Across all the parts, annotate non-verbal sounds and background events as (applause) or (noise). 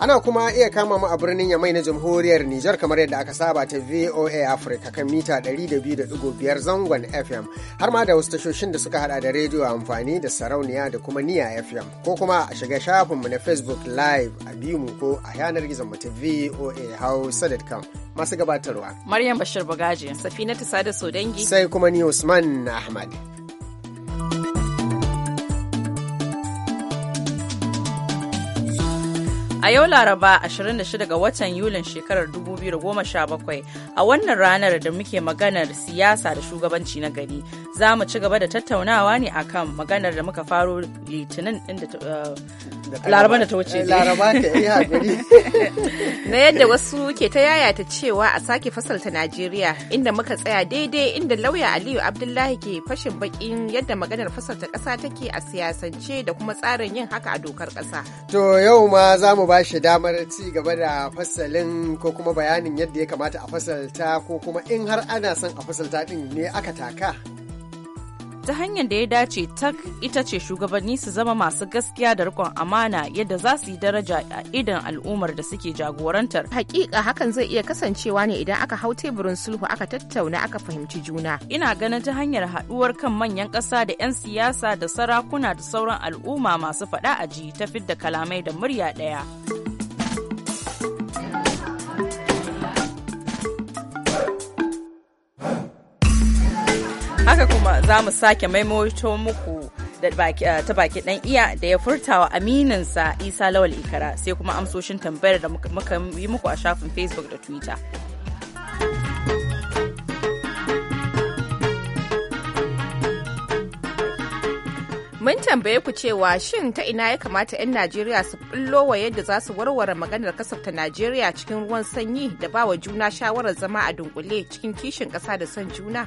Ana kuma iya kama mu a birnin Yamai na Jamhuriyar Nijar kamar yadda aka saba ta VOA Africa kan mita 200.5 zangon FM har ma da wasu tashoshin da suka hada da rediyo amfani da sarauniya da kuma niya FM ko kuma a shiga shafinmu na Facebook Live a biyu mu ko a yanar gizon mu ta VOA Hausa.com masu gabatarwa. Maryam Bashir Bagaji, Safina Tisada Sodangi. Sai kuma ni Usman Ahmad. A yau Laraba 26 ga watan Yulin shekarar 2017 a wannan ranar da muke maganar siyasa da shugabanci na gari za mu ci gaba da tattaunawa ne akan maganar da muka faro litinin laraba da ta wuce laraba ta eh, yi hakuri (laughs) na yadda wasu ke ta yaya ta cewa a sake fasalta najeriya inda muka tsaya daidai inda lauya aliyu abdullahi ke fashin bakin yadda maganar fasalta kasa take a siyasance da kuma tsarin yin haka a dokar kasa to yau ma za mu ba damar ci gaba da fasalin ko kuma bayanin yadda ya kamata a fasalta ko kuma in har ana son a fasalta din ne aka taka ta hanyar da ya dace tak ita ce shugabanni su zama masu gaskiya da rikon amana yadda za su yi daraja a idan al'ummar da suke jagorantar hakika hakan zai iya kasancewa ne idan aka hau teburin sulhu aka tattauna aka fahimci juna ina ganin ta hanyar haɗuwar kan manyan ƙasa da 'yan siyasa da sarakuna da sauran al'umma masu faɗa a ji ta fidda kalamai da murya ɗaya. za mu sake maimaito muku eh, ta baki dan iya da ya furtawa amininsa isa lawal ikara sai kuma amsoshin tambayar da muka yi muku a shafin facebook da twitter Mun tambaye ku cewa shin ta ina ya kamata 'yan Najeriya su bullo wa yadda za su warware maganar kasafta Najeriya cikin ruwan sanyi da ba wa juna shawarar zama a dunkule cikin kishin ƙasa da son juna?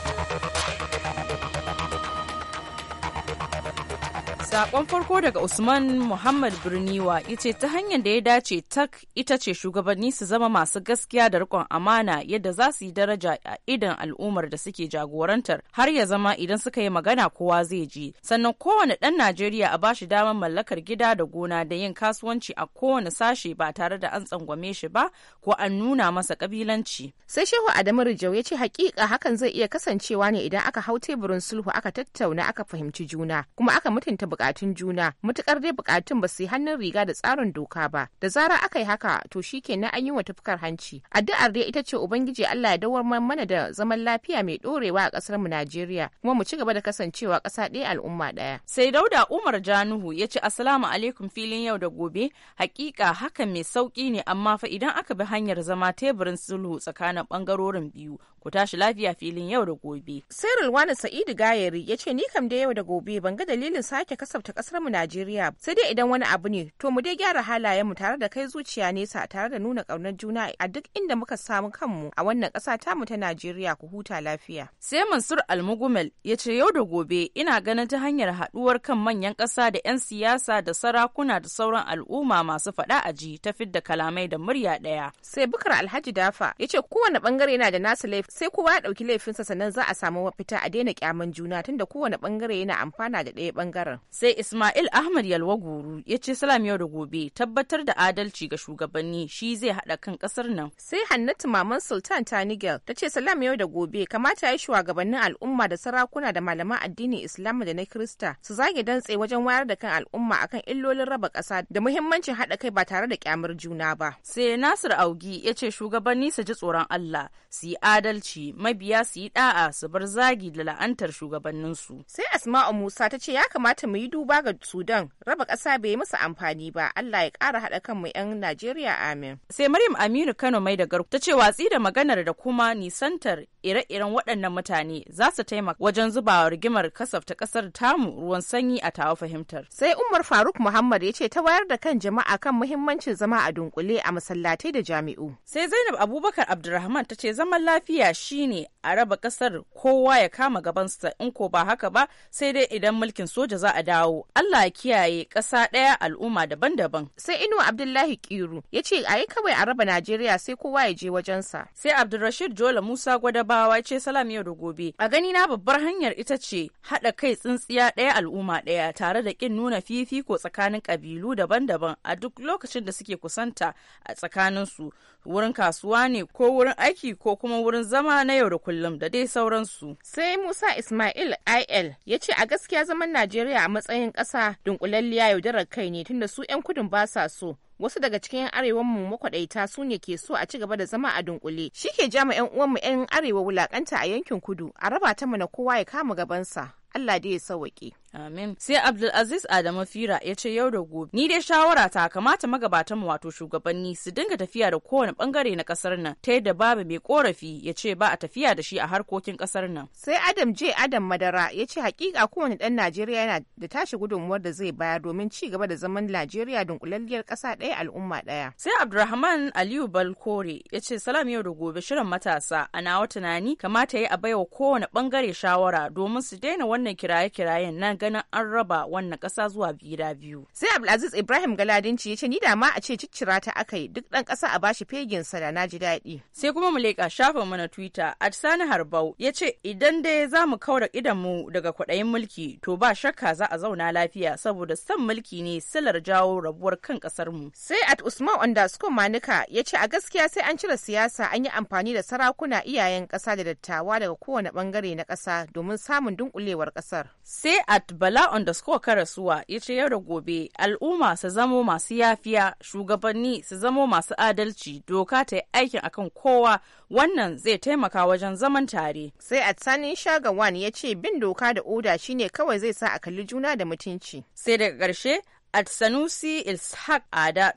Sakon farko daga Usman Muhammad Birniwa ce ta hanyar da ya dace tak ita ce shugabanni su zama masu gaskiya da rikon amana yadda za su yi daraja a idan al'ummar da suke jagorantar har ya zama idan suka yi magana kowa zai ji. Sannan kowane ɗan Najeriya a bashi damar mallakar gida da gona da yin kasuwanci a kowane sashe ba tare da an tsangwame shi ba ko an nuna masa kabilanci. Sai Shehu Adamu Rijau ya ce hakika hakan zai iya kasancewa ne idan aka hau teburin sulhu aka tattauna aka fahimci juna kuma aka mutunta bukatun juna mutukar dai bukatun ba su yi hannun riga da tsarin doka ba da zara aka yi haka to shi kenan an yi wa tafkar hanci addu'ar dai ita ce ubangiji Allah ya dawar mana da zaman lafiya mai dorewa a kasar mu Najeriya kuma mu ci gaba da kasancewa kasa ɗaya al'umma ɗaya sai dauda Umar Januhu ya ce assalamu alaikum filin yau da gobe hakika hakan mai sauki ne amma fa idan aka bi hanyar zama teburin sulhu tsakanin bangarorin biyu ku tashi lafiya filin yau da gobe sai Rulwani Sa'idu Gayari ya ce ni kam da yau da gobe ban ga dalilin sake kasa. kasafta kasar mu Najeriya sai dai idan wani abu ne to mu dai gyara halayen mu tare da kai zuciya nesa tare da nuna ƙaunar juna a duk inda muka samu kanmu a wannan ta mu ta Najeriya ku huta lafiya. Sai Mansur Almugumel ya ce yau da gobe ina ganin ta hanyar haduwar kan manyan kasa da 'yan siyasa da sarakuna da sauran al'umma masu fada a ji ta fidda kalamai da murya ɗaya. Sai Bukar Alhaji Dafa ya ce kowane bangare yana da nasu laifi sai kowa ya ɗauki laifinsa sannan za a samu mafita a daina kyaman juna tunda kowane bangare yana amfana da daya bangaren. sai Ismail Ahmad Yalwa Guru ya ce salam yau da gobe tabbatar da adalci ga shugabanni shi zai haɗa kan ƙasar nan. Sai Hannatu Maman Sultan Tanigel ta ce salam yau da gobe kamata ya shugabannin al'umma da sarakuna da malaman addinin Islam da na Kirista su zage dantse wajen wayar da kan al'umma akan illolin raba ƙasa da muhimmancin haɗa kai ba tare da kyamar juna ba. Sai Nasir Augi ya ce shugabanni su ji tsoron Allah su yi adalci mabiya su yi da'a su bar zagi da la'antar shugabanninsu. Sai Asma'u Musa ta ce ya kamata mu yi duba ga Sudan raba ƙasa bai musu amfani ba Allah ya ƙara haɗa kan mu 'yan Najeriya amin. Sai Maryam Aminu Kano mai da garku ta ce watsi da maganar da kuma nisantar ire-iren waɗannan mutane za su taimaka wajen zubawa rigimar kasafta ƙasar tamu ruwan sanyi a tawa fahimtar. Sai Umar Faruk Muhammad ya ce ta wayar da kan jama'a kan muhimmancin zama a dunkule a masallatai da jami'u. Sai Zainab Abubakar Abdurrahman ta ce zaman lafiya shine a raba ƙasar kowa ya kama gabansa in ko ba haka ba sai dai idan mulkin soja za a dawo kawo Allah kiyaye ƙasa ɗaya al'umma daban-daban sai Inu Abdullahi Kiru ya ce a yi kawai a raba Najeriya sai kowa ya je wajensa sai Abdulrashid Jola Musa Gwadabawa ce salam yau da gobe a gani na babbar hanyar ita ce haɗa kai tsintsiya ɗaya al'umma ɗaya tare da ƙin nuna fifiko tsakanin ƙabilu daban-daban a duk lokacin da suke kusanta a tsakaninsu wurin kasuwa ne ko wurin aiki ko kuma wurin zama na yau da kullum da dai sauransu. Sai Musa Ismail IL ya ce a gaskiya zaman Najeriya a matsayin matsayin ƙasa dunkulalliya yaudarar kai ne tunda su 'yan kudin ba sa so wasu daga cikin arewan mu makwadaita su ne ke so a ci gaba da zama a dunkule shi ke jama 'yan mu 'yan arewa wulakanta a yankin kudu a raba ta mana kowa ya kama gabansa allah dai ya sauwaƙe Amin. Sai Abdulaziz Adamu Fira ya ce yau da gobe. Ni dai shawara ta kamata magabatan mu wato shugabanni su dinga tafiya da kowane bangare na kasar nan ta yadda babu mai korafi ya ce ba a tafiya da shi a harkokin kasar nan. Sai Adam J Adam Madara ya ce hakika kowane dan Najeriya yana da tashi gudunmuwar da zai baya domin ci gaba da zaman Najeriya dunkulalliyar kasa ɗaya al'umma ɗaya. Sai Abdulrahman Aliyu Balkore ya ce salam yau da gobe shirin matasa a nawa tunani kamata ya a baiwa kowane bangare shawara domin su daina wannan kiraye-kirayen nan ganin an raba wannan ƙasa zuwa gida biyu. Sai Abdulaziz Ibrahim Galadinci ya ce ni da ma a ce ciccira ta aka yi duk ɗan ƙasa a bashi fegin sa da na ji daɗi. Sai kuma mu leƙa shafin mu na Twitter at Sani Harbau ya ce idan dai za mu kaura idan mu daga kwaɗayin mulki to ba shakka za a zauna lafiya saboda son mulki ne silar jawo rabuwar kan ƙasar mu. Sai at Usman underscore Manika ya ce a gaskiya sai an cire siyasa an yi amfani da sarakuna iyayen ƙasa da dattawa daga kowane ɓangare na ƙasa domin samun dunkulewar ƙasar. Sai at bala underscore karasuwa ya ce yau da gobe al'umma su zamo masu yafiya shugabanni su zamo masu adalci doka ta yi aikin akan kowa wannan zai taimaka wajen zaman tare sai a sani shagawan ya ce bin doka da oda shine kawai zai sa a kalli juna da mutunci sai daga ƙarshe Atsanusi Ishaq Ada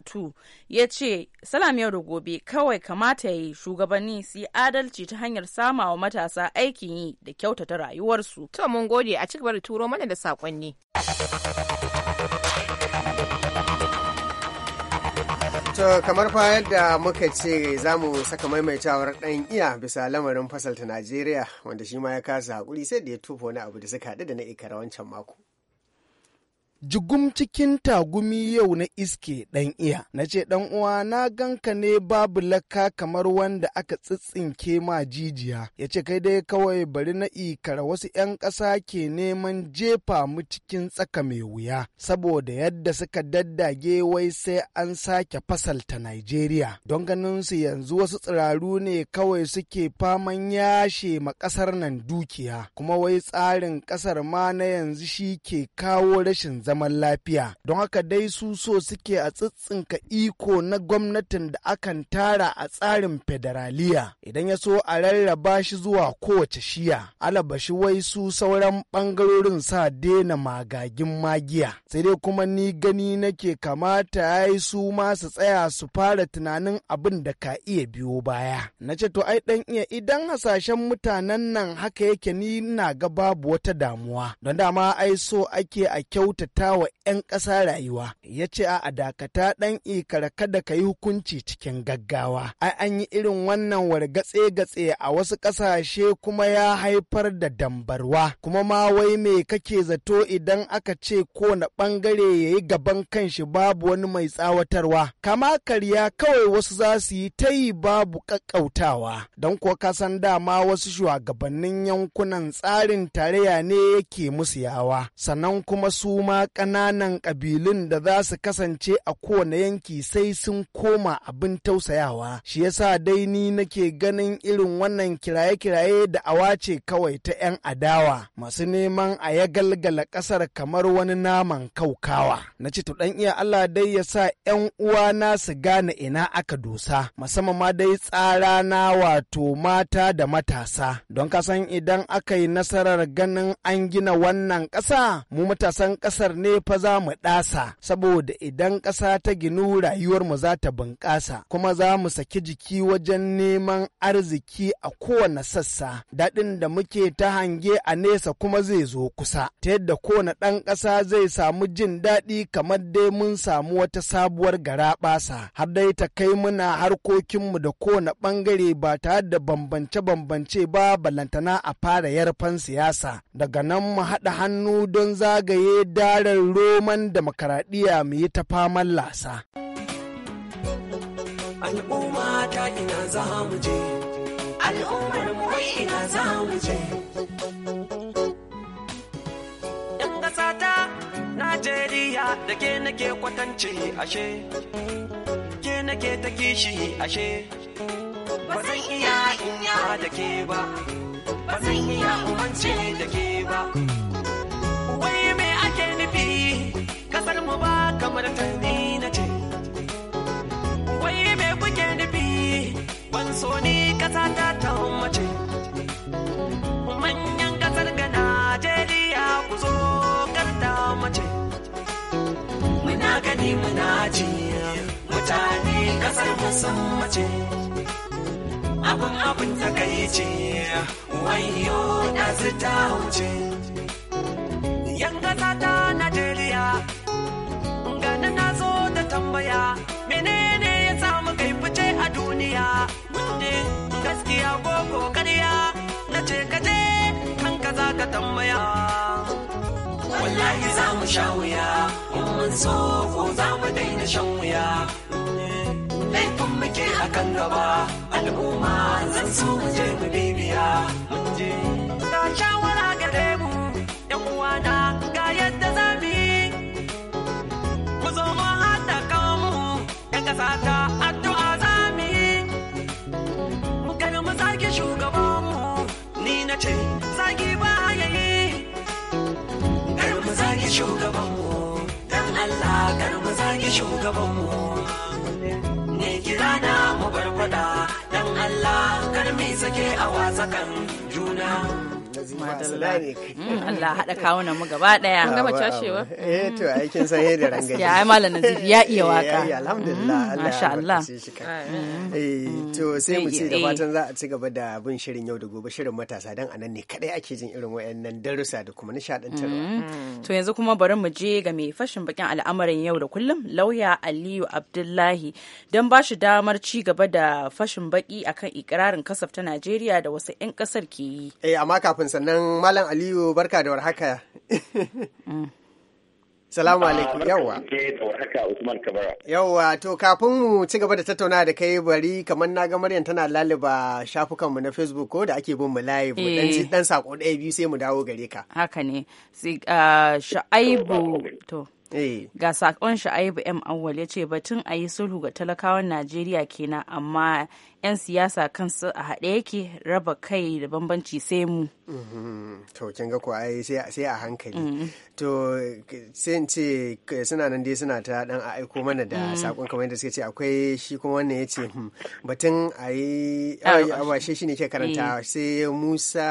ya ce salam yau da gobe kawai kamata ya yi shugabanni su yi adalci ta hanyar sama wa matasa aikin yi da kyautata rayuwarsu. To mun gode a cikin da turo mana da saƙonni. To kamar fa yadda muka ce za mu saka maimaitawar ɗan iya bisa lamarin fasalta Najeriya wanda shi ma ya kasa haƙuri sai da ya tufa wani abu da suka haɗu da na ikara wancan mako. jigum cikin tagumi yau na iske ɗan iya na ce ɗan uwa na ganka ne babu laka kamar wanda aka tsitsinke ma jijiya ya ce kai dai kawai bari na ikara wasu 'yan ƙasa ke neman jefa mu cikin tsaka mai wuya saboda yadda suka daddage wai sai an sake fasalta Najeriya don ganin su yanzu wasu tsiraru ne kawai suke faman yashe ma ƙasar nan dukiya kuma wai tsarin ƙasar ma na yanzu shi ke kawo rashin zama zaman lafiya don haka dai su so suke a tsitsinka iko na gwamnatin da akan tara a tsarin federaliya idan ya so a rarraba shi zuwa kowace shiya alaba shi wai su sauran bangarorin sa daina magagin magiya sai dai kuma ni gani nake kamata ya yi su ma tsaya su fara tunanin abin da ka iya biyo baya na ce to ai dan iya idan hasashen mutanen nan haka yake ni na ga babu wata damuwa don dama ai so ake a kyautata kyautata wa 'yan ƙasa rayuwa ya ce a dakata ɗan ikara kada ka yi hukunci cikin gaggawa ai an yi irin wannan wargatse-gatse a wasu ƙasashe kuma ya haifar da dambarwa kuma ma wai me kake zato idan aka ce ko na ɓangare ya yi gaban kanshi babu wani mai tsawatarwa kama karya kawai wasu za su yi ta yi babu ƙaƙƙautawa don kuwa kasan dama wasu shugabannin yankunan tsarin tarayya ne yake musu yawa sannan kuma su ma ƙananan ƙabilun da za su kasance a kowane yanki sai sun koma abin tausayawa shi yasa dai ni nake ganin irin wannan kiraye-kiraye da awa ce kawai ta 'yan adawa masu neman a ya galgala ƙasar kamar wani naman kaukawa na ce ci dan iya Allah dai ya sa 'yan uwana su gane ina aka dosa musamman ma dai tsara na wato mata da matasa don kasan idan aka yi nasarar ganin an gina wannan ƙasa mu matasan ƙasar ne fa za mu ɗasa saboda idan ƙasa ta ginu rayuwarmu za ta bunƙasa kuma za mu saki jiki wajen neman arziki a kowane sassa daɗin da muke ta hange a nesa kuma zai zo kusa ta yadda kowane ɗan ƙasa zai samu jin daɗi kamar dai mun samu wata sabuwar gara ɓasa har dai ta kai muna harkokinmu da kowane ɓangare ba tare da bambance-bambance ba balantana a fara yarfan siyasa daga nan mu haɗa hannu don zagaye dare tsarin roman demokaradiyya mu yi ta faman lasa. Al'umma ina za je, al'ummar mu wai ina za je. ‘Yan ƙasa ta Najeriya da ke nake kwatance ashe, ke nake ta kishi ashe, ba zan iya inya da ke ba, ba zan iya umance da ke ba. mu ba kamar ta ni na ce wai me kuke nufi ban so ni kasa ta ta mace manyan kasar ga Najeriya ku zo karta mace muna gani muna ji mutane kasar mu sun mace abin ta takaici wayo da su ta wuce tambaya wallahi za mu sha wuya in mun so ko za mu daina shan wuya laifin muke a kan gaba al'umma zan so mu je mu bibiya mun shawara gare mu yan uwana ga yadda za mu yi ku zo mu haɗa kawo mu yan ƙasa ta addu'a za mu yi mu kar mu shugaban shugabanmu ni na ce shugabanmu dan Allah kar mu zagi shugabanmu ne kira na mu barbada dan Allah kar mu sake a wasakan juna Mm, Allah haɗa kawunan mu gaba ɗaya. An gama cashewa. Eh to ai kin san da rangaji. Ya ai malam Nazif ya iya waka. Eh, ya alhamdulillah mm, Allah masha Allah. Mm. Eh to sai mu ce da eh. fatan za a ci gaba da bin shirin yau da gobe shirin matasa dan anan ne kadai ake jin irin wayannan darussa da kuma nishadantarwa. To yanzu kuma bari mu je ga mai fashin bakin al'amarin yau da kullum lauya Aliyu Abdullahi dan ba shi damar ci gaba da fashin baki akan ikirarin kasafta Najeriya da wasu 'yan kasar ke yi. Eh amma kafin shafin sannan Malam Aliyu barka da warhaka. Salamu ah, alaikum yawa. Yawa to kafin mu ci gaba da tattauna da kai bari kamar na ga Maryam tana laliba shafukanmu na Facebook ko da ake bin mu live dan eh. dan ɗaya biyu sai mu dawo gare ka. Haka ne. Ah, Sha'aibu to eh. Ga sakon Sha'aibu M Awwal ya ce batun a yi sulhu ga talakawan Najeriya kenan amma 'yan siyasa kansu a haɗe yake raba kai da bambanci sai mu mm-hmm. to kin ga ko ai sai a hankali mm. to sai ce suna nan dai suna ta dan a aiko mana da mm. sakon kamar yadda suke ce akwai shi kuma wannan ya ce hmm, batun a yi oh. shi ne ke karanta eh. sai musa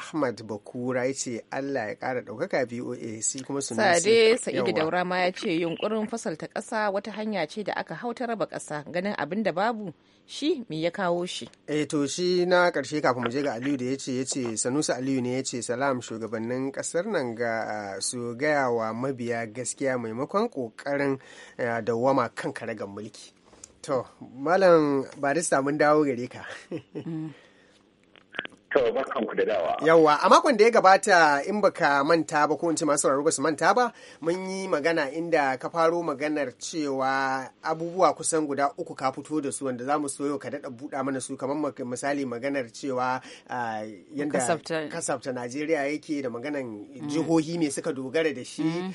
ahmad bakura yace allah ya kara daukaka BOA shi kuma su sai sa'idu daura ma yace ce yunkurin fasalta ƙasa wata hanya ce da aka hauta raba ƙasa ganin abin da babu shi me ya kawo shi eh to shi na karshe kafin mu je ga aliyu da yace yace aliyu ne yace salam shugabannin kasar nan ga ah, su gaya wa mabiya gaskiya maimakon kokarin ah, dawwama kan karagar mulki to malam barista mun dawo gare ka mm. To, Yawwa, a makon da ya gabata in baka manta ba ko ce masu ba su manta ba, mun yi magana inda ka faro maganar cewa abubuwa kusan guda uku ka fito da su wanda za mu soyo ka daɗa buɗa mana su kamar misali maganar cewa yadda kasafta Najeriya yake da maganan mm. jihohi ne suka dogara da shi mm.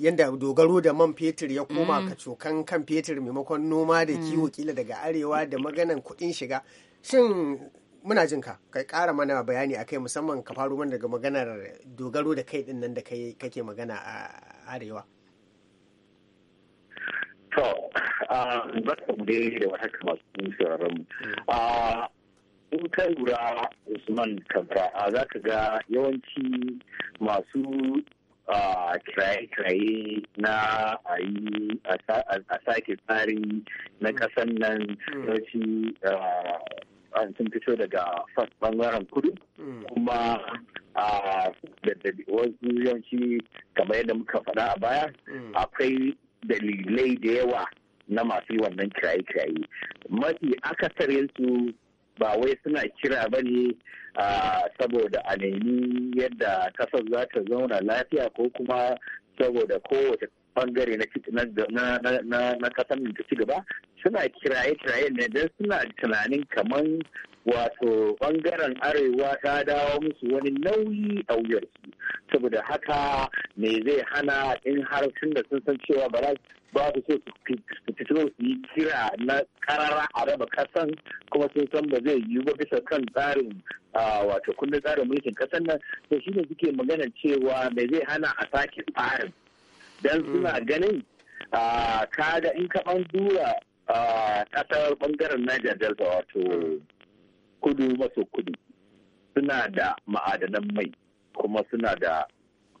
yadda dogaro da man fetur ya koma mm. kacokan kan fetur maimakon noma da kiwo kila daga arewa da maganan kuɗin shiga. Shin muna jin ka kai kara mana bayani akai musamman ka faro mana daga maganar dogaro da kai din nan da kai kake magana a arewa to a dai da wata kamar sun a in ka lura usman kabra za ka ga yawanci masu kiraye-kiraye na a yi a sake tsari na kasan nan yawanci hmm. sun fito daga bangaren kudu mm. kuma da wasu yawanci kamar yadda muka faɗa a baya mm. akwai dalilai da yawa na masu wannan kiraye-kiraye mafi su ba wai suna kira ba ne saboda a nemi yadda kasar za ta zauna lafiya ko kuma saboda kowace bangare na kasan da ci gaba suna kiraye-kiraye ne don suna tunanin kamar wato bangaren arewa ta dawo musu wani nauyi a wuyar su, saboda haka me zai hana in har sun da sun san cewa ba za ba su so su fito su yi kira na karara a raba kasan kuma sun san ba zai yi ba bisa kan tsarin wato kundin tsarin mulkin kasan nan to shine suke magana cewa me zai hana a sake tsarin don mm. suna ganin kaga in ka dura ƙasar ɓangaren Niger Delta wato kudu maso kudu suna da ma'adanan mai kuma suna da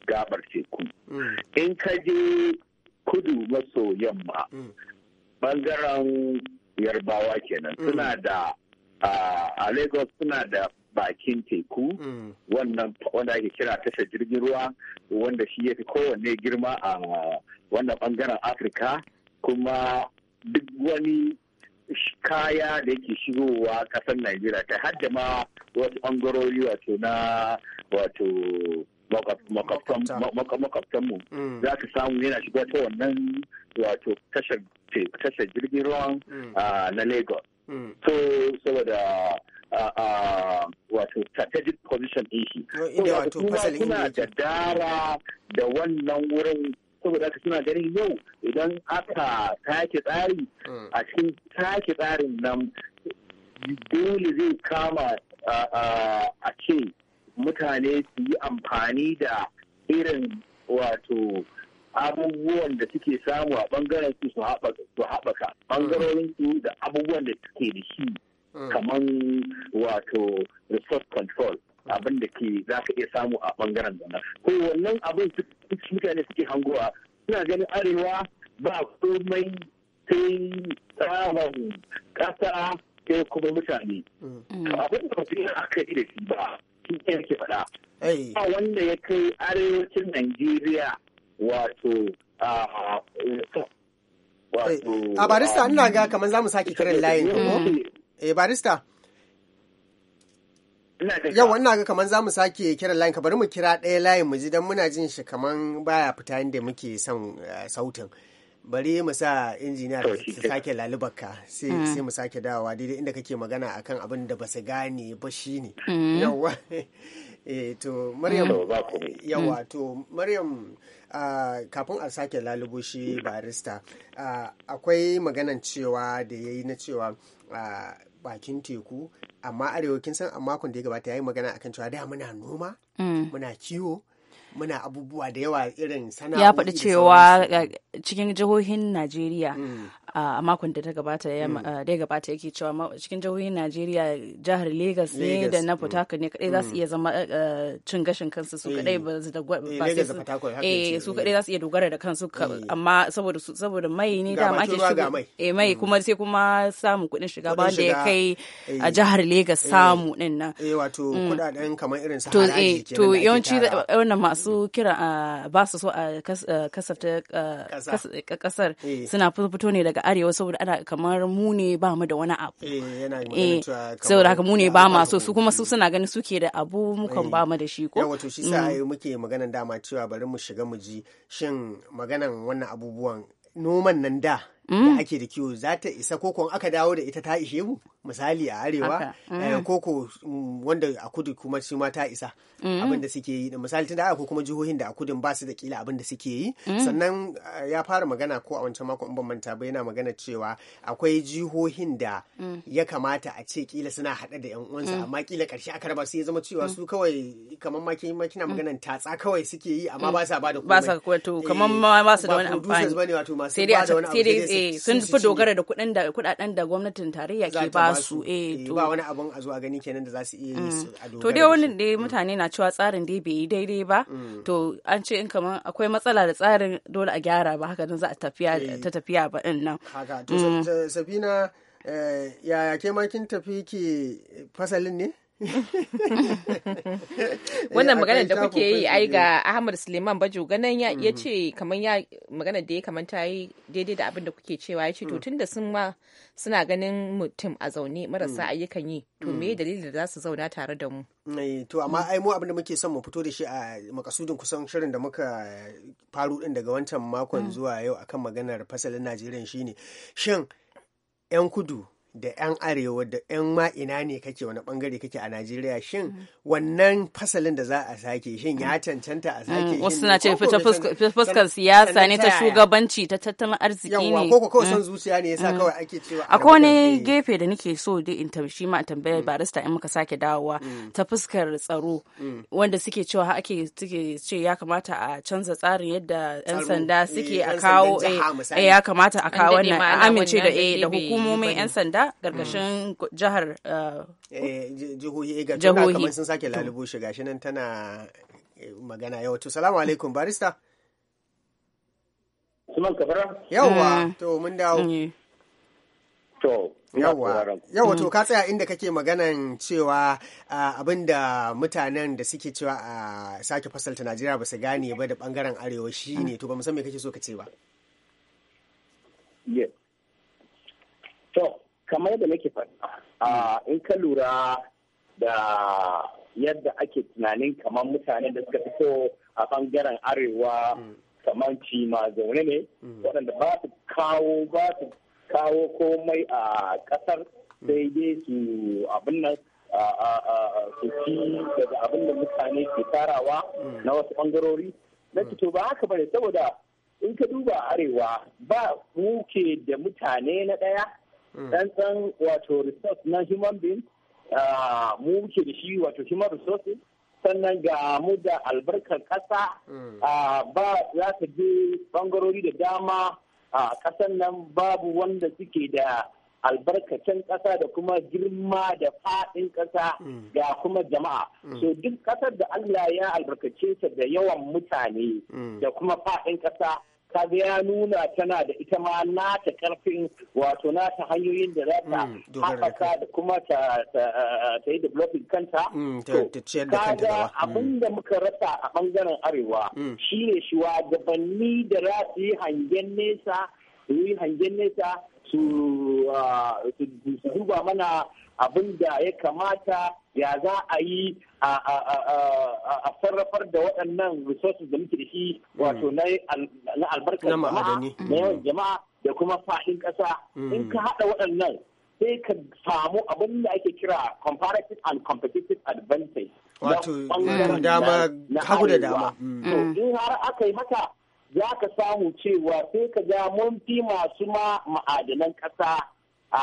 gabar teku. Mm. In ka je kudu maso yamma mm. ɓangaren yarbawa kenan suna da a Lagos suna da bakin teku mm. wannan wanda ake kira tasha jirgin ruwa wanda shi ya fi kowanne girma a wannan bangaren afirka kuma duk wani kaya da yake shigowa kasar najeriya ta hadda ma wasu bangarori wato na wato makwabtanmu mm. za ka samu yana shiga ta wannan wato tashar jirgin ruwan mm. na lagos so saboda wato strategic position din shi. Wato suna da dara da wannan wurin saboda ka suna ganin yau idan aka take tsari hmm. a cikin take tsarin nan dole zai kama a ce mutane su yi amfani da irin wato abubuwan da suke samu a bangaren su su haɓaka bangarorin hmm. su da abubuwan da suke da shi Mm. kamar wato resource control abin da ke za ka iya samu a bangaren da ko wannan abin mutane suke hangowa suna ganin arewa ba komai sai tsarin kasa sai kuma mutane mm. abin da mutum aka yi da shi ba shi ne yake faɗa ba wanda ya kai arewacin najeriya wato a barista ina ga kamar za mu sake kiran layin eh barista yau ina ga kaman za mu sake kira layin ka bari mu kira ɗaya layin mu ji don muna jin shi kaman baya fita inda muke son eh, sautin bari mu sa injiniya su sake lalubarka hmm. sai mu sake dawowa daidai inda kake magana akan abin da ba su gane ba ne. Hmm. yawa (laughs) eh, to maryam yawa hmm. to maryam ah, kafin a sake lalubo shi barista ah, akwai maganan cewa da ya yi na cewa a bakin teku amma arewa kin san a makon da ya gabata ya yi magana akan cewa da muna noma mm. muna kiwo muna abubuwa da yawa irin sana'o'i ya faɗi cewa cikin jihohin najeriya mm. a makon da ta gabata ya mm. gabata yake cewa cikin jihohin Najeriya jihar Legas ne da na Port mm. Harcourt ne kadai za su mm. iya zama cin gashin kansu su kadai eh. ba su da eh su kadai eh, eh. za su iya dogara da kansu amma saboda saboda mai ne da ake shiga eh mai kuma sai kuma samu kuɗin shiga ba da ya kai a jihar Legas samu din nan eh wato kudaden kamar irin su haraji to yawanci wannan masu kira ba su so a kasafta kasar suna fito ne daga arewa saboda ana kamar mu ne ba mu da wani abu eh, eh saboda haka mu ne ba ma so su kuma su suna ganin suke da abu mukan eh. ba mu da shi ko wato shi sa mm. muke maganan dama cewa bari mu shiga mu ji shin maganan wannan abubuwan noman nan da da mm. ake da kiwo za ta isa koko aka dawo da ita ta ishe mu misali a arewa koko mm. eh, mm, wanda a kudu kuma shi ma ta isa abin da suke yi da misali tun da aka kuma jihohin da a kudun ba su da kila abin da suke yi sannan eh, ya fara magana ko a wancan mako in ban manta ba yana magana cewa akwai jihohin da ya kamata a ce kila suna hada da yan uwansa amma kila karshe aka raba su ya zama cewa su kawai kamar ma kina maganan tatsa kawai suke yi amma ba sa ba da komai ba sa kamar ma ba su da eh, wani amfani sai dai Eh, sun fi dogara da kuɗin da kuɗaɗen da gwamnatin tarayya ke ba su eh, eh to ba wani abun a zuwa a gani kenan da za su iya yi mm. a dogara to dai wani da mm. mutane na cewa tsarin dai bai yi daidai ba mm. to an ce in kamar akwai matsala da tsarin dole a gyara ba haka za a tafiya eh. ta tafiya ba din nan haka to sabina yaya ke ma kin tafi ke fasalin ne (laughs) wannan eh, magana da kuke yi ai ga ahmad suleiman bajo ganan ya mm-hmm. ce kamar ya magana da ya kamanta yi daidai da abin da kuke cewa ya ce to mm. da sun ma suna ganin mutum a zaune marasa mm. ayyukan yi to mm. me dalilin da za su zauna tare da mu eh, to amma ai mu abin da muke son mu fito da shi a makasudin kusan shirin da muka faru din daga wancan makon zuwa yau akan maganar fasalin najeriya shine shin yan kudu da 'yan arewa da 'yan ma'ina ne kake wani bangare kake a najeriya shin mm. wannan fasalin da za a sake shin ya mm. cancanta a sake mm. wasu na ce fuskar siyasa ne ta shugabanci ta tattalin arziki ne ko kawai san zuciya ne yasa kawai ake cewa akwai wani gefe da nake so da in shi ma tambayar barista in muka sake dawowa ta fuskar tsaro wanda suke cewa ake suke ce ya kamata a canza tsarin yadda 'yan sanda suke eh, a kawo eh, eh, ya kamata a kawo wannan amince da hukumomin 'yan sanda shiga gargashin jihar uh, eh, jihohi eh, ga kamar sun sake lalubo shi gashi nan tana eh, magana yau to salamu alaikum barista Suman kafara? Yawwa, to mun dawo. To, yawwa yawwa to mm. ka tsaya inda kake maganan cewa abin da mutanen da suke cewa a sake fasalta najeriya ba su gane ba da bangaren arewa shi ne to ba san me kake so ka ce ba Yes. to kamar yadda nake faɗa in ka lura da yadda ake tunanin kamar mutanen da suka fito a bangaren arewa kamar cima zaune ne waɗanda ba su kawo ba su kawo komai a ƙasar sai dai su abin nan su ci daga abin da mutane ke tarawa na wasu ɓangarori na fito ba haka bane saboda in ka duba arewa ba muke da mutane na ɗaya ɗan mm. ɗan wato resource na human being ah, mu muke da shi wato human resources sannan ga mu da albarkar ƙasa mm. ah, ba za ta je bangarori da dama a ƙasar nan babu wanda suke da albarkacin ƙasa da kuma girma da faɗin ƙasa mm. ga kuma jama'a. So duk ƙasar da Allah ya albarkace ta da yawan mutane da kuma faɗin ƙasa kaga ya nuna tana da ita ma nata karfin wato nata hanyoyin da za ta mm, haɓaka da kuma ta yi developing kanta mm, kaga mm. abin da muka rasa a bangaren arewa shine gabanni da za su yi hangen nesa su yi hangen nesa ah, su duba mana abin da ya kamata ya za a yi a sarrafar da waɗannan resources da muke da shi wato mm. na albarkar jama'a na yawan mm. jama'a da kuma faɗin ƙasa mm. in ka haɗa waɗannan sai ka samu abin da ake kira comparative and competitive advantage wato dama hagu da dama in har aka yi mata za ka samu cewa sai ka ga mun fi masu ma ma'adanan ƙasa a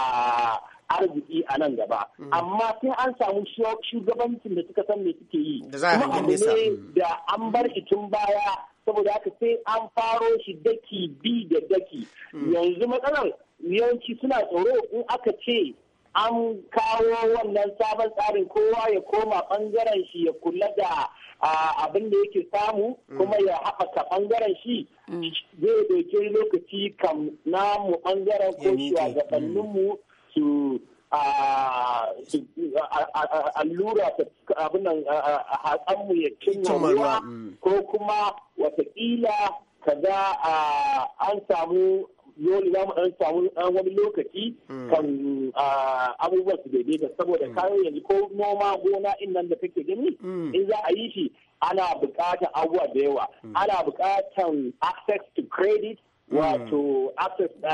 arziki a nan gaba mm. amma sai an samu shugabancin da suka san me suke yi kuma abu da an bar tun baya saboda haka sai an faro shi daki bi da daki mm. yanzu matsalar yawanci suna tsoro in aka ce an kawo wannan sabon tsarin kowa ya koma bangaren shi ya kula da abin da yake samu mm. kuma ya haɓaka bangaren shi mm. zai doke lokaci kam namu bangaren ko shugabanninmu su allura abin hatsanmu ya cinna ruwa mm. ko kuma watakila kaga an samu yoni za mu dan samu dan wani lokaci hmm. kan abubuwan su daidaita saboda hmm. kayan yanzu ko noma gona in nan da kake gani hmm. in za a yi shi ana buƙatar abubuwa da yawa ana buƙatar access to credit wato access eh,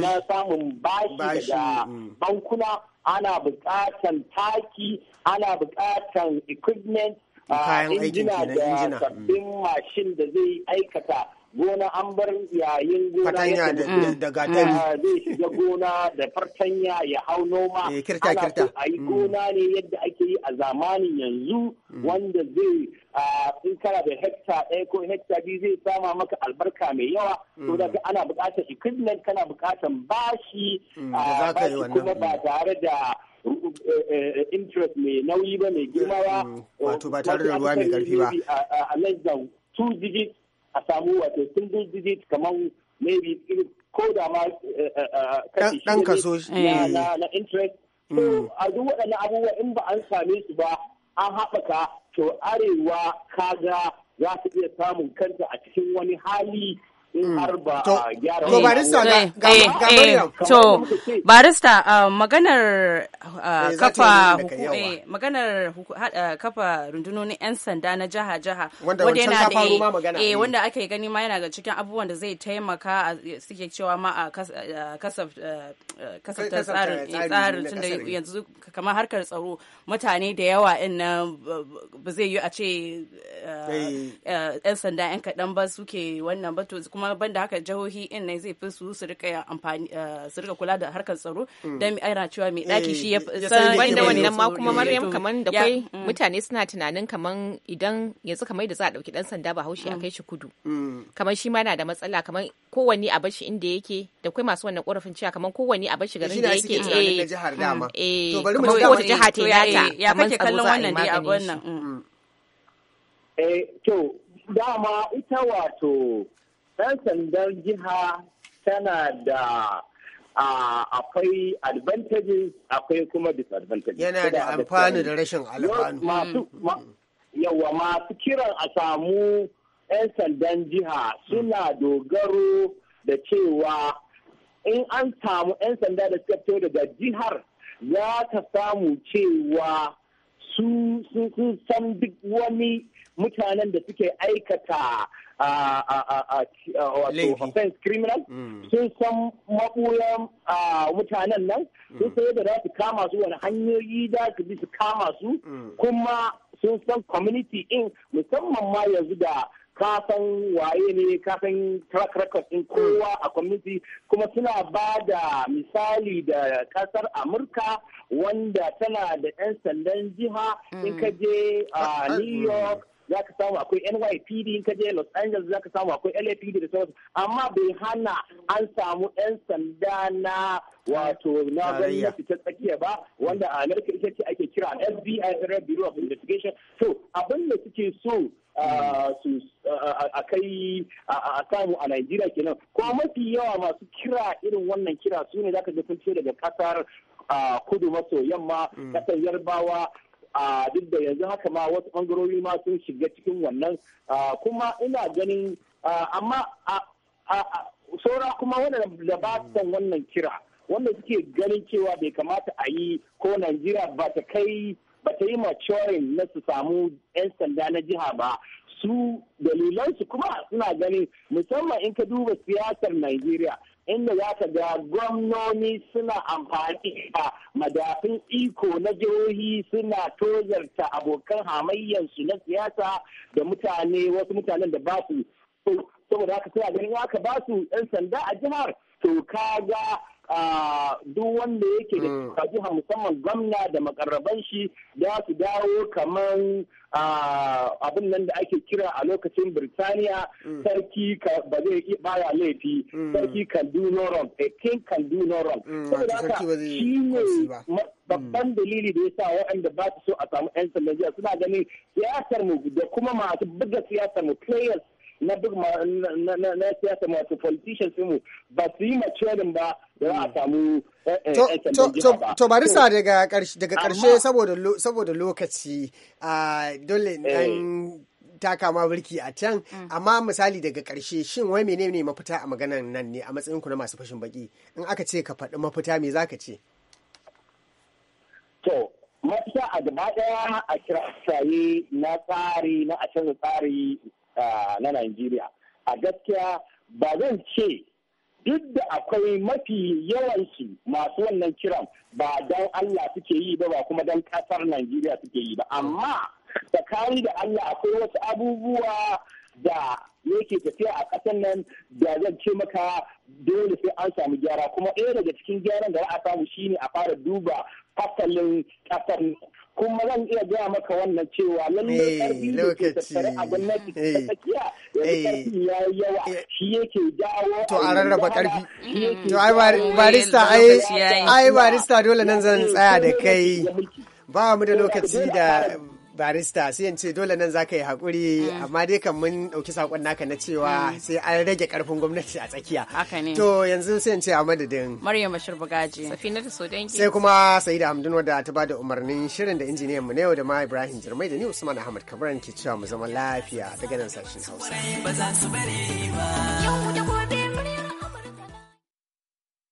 na samun bashi da bankuna ana buƙatar taki ana buƙatar equipment ah, injina da sabbin mashin da zai aikata gona an bar yayin gona ya da gatari ah, zai shiga gona da fartanya ya hau noma eh, ana a yi mm. gona ne yadda ake yi a zamanin yanzu mm. wanda zai ah, in kana da hekta ɗaya ko hekta biyu zai sama maka albarka mai yawa to mm. daga ana buƙatar equipment kana buƙatar bashi ah, bashi kuma ba tare da eh, eh, interest mai nauyi ba mai girma ba wato ba tare da ruwa mai karfi ba a less than two digits a samu wato sun digit kamar maybe ko da ma eh, eh, eh, dan kaso na interest so mm. a duk waɗannan abubuwa in ba an same su ba an haɓaka to arewa kaga za su iya samun kanta a cikin wani hali Mm. to barista ga eh, eh, eh, to barista uh, maganar uh, kafa maganar uh, kafa rundunonin yan sanda na jaha jaha wanda yana da eh mm. wanda ake gani ma yana ga cikin abubuwan da zai taimaka suke cewa ma a kasafta tsarin tsarin tunda yanzu kamar harkar tsaro mutane da yawa in nan ba zai yi a ce yan sanda yan kaɗan ba suke wannan ba to kuma kuma banda haka jihohi in nan zai fi su su rika amfani eh, su rika kula da harkar tsaro dan hmm. aira cewa mai daki shi ya eh, san wanda wannan ma kuma eh, Maryam kaman da kai hmm. mutane suna tunanin kaman idan yanzu kamar da za a dauki dan sanda ba haushi a hmm. kai shi kudu kaman shi ma yana da matsala kaman kowanne a bashi inda yake da kai masu wannan korafin cewa kaman kowanne a bashi garin da yake eh jihar dama to bari mu da wata ta ya kake kallon wannan dai abun nan eh to dama ita wato ɗan sandan jiha tana da akwai advantages akwai kuma disadvantages. Yana da amfani da rashin alfanu. Yawa masu kiran a samu 'yan sandan jiha suna dogaro da cewa in an samu 'yan sanda da suka fito daga jihar za ta samu cewa su sun san duk wani mutanen da suke aikata wato offense criminal mm. sun san maɓoyan mutanen nan mm. sun sai da za su kama su wani hanyoyi da su bi su kama su mm. kuma sun san community in musamman ma yanzu da ka waye ne ka san track record din kowa a community kuma suna ba da misali da kasar amurka wanda tana da 'yan sandan jiha in ka je a new york za ka samu akwai nypd in ka je los angeles za ka samu akwai lapd da sauransu amma bai hana an samu 'yan sanda na wato na gwamnati ta tsakiya ba wanda a Amerika ita ce ake kira fbi federal bureau of investigation to abin da suke so uh, su uh, a kai a samu a Najeriya kenan kuma mafi yawa masu kira irin wannan kira su ne za ka ga sun daga kasar uh, kudu maso yamma kasar mm. yarbawa a duk da yanzu haka ma wasu bangarori ma sun shiga cikin wannan kuma ina ganin amma saura kuma waɗanda ba su wannan kira wanda suke ganin cewa bai kamata a yi ko najeriya ba ta kai ba ta yi maturing na su samu 'yan sanda na jiha ba su dalilansu kuma suna ganin musamman in ka duba siyasar najeriya inda za ka ga gwamnoni suna amfani da madafin iko na jihohi suna tozarta abokan hamayyarsu na siyasa da mutane wasu mutanen da ba su saboda haka suna ganin aka ba su 'yan sanda a jihar to ka ga a duk wanda yake da jiha mm. musamman gwamna da makarraban shi za su dawo kamar abin nan da ake kira a lokacin birtaniya sarki ba zai baya laifi sarki can do no a king can do no saboda haka shi ne babban mm. dalili da ya sa waɗanda ba su so a samu 'yan sandan suna ganin siyasar mu da kuma masu buga siyasar mu players na duk na siyasa masu politicians mu ba su yi maturing ba da za a samu eh, eh, to bari sa eh. daga karshe saboda lokaci ah, dole nan taka ma birki a can mm. amma misali daga karshe shin wai ne mafita a maganar nan ne a matsayin ku na masu fashin baki in aka ce ka faɗi mafita me zaka ce to mafita a gaba daya a kira na tsari na a canza tsari na Najeriya. A gaskiya ba zan ce duk da akwai mafi yawansu masu wannan kiran ba don Allah suke yi ba kuma don kasar Najeriya suke yi ba. Amma tsakani da Allah akwai wasu abubuwa da yake tafiya a ƙasar nan da zan ce maka dole sai an samu gyara kuma ɗaya daga cikin gyaran da za a samu ne a fara duba fasalin ƙasar kuma zan iya gaya maka wannan cewa lallai karfi eh, da ke tattare a gwamnati eh, eh. ya yi yawa shi yake jawo to a rarraba karfi to ai barista ai barista dole nan zan tsaya da kai ba mu da lokaci da barista sai in ce dole nan zaka yi hakuri eh. amma dai kan mun ɗauki sakon naka na cewa eh. sai an rage karfin gwamnati a tsakiya haka ne to yanzu sai in ce a madadin Maryam Bashir Bagaji Safina da Sodanki sai kuma Saida Hamdun wadda ta bada umarnin shirin da injiniyan mu na yau da ma Ibrahim Jirmai da ni Usman Ahmad Kabran ke cewa mu zama lafiya daga nan sashin Hausa ba za su bari ba yau da gobe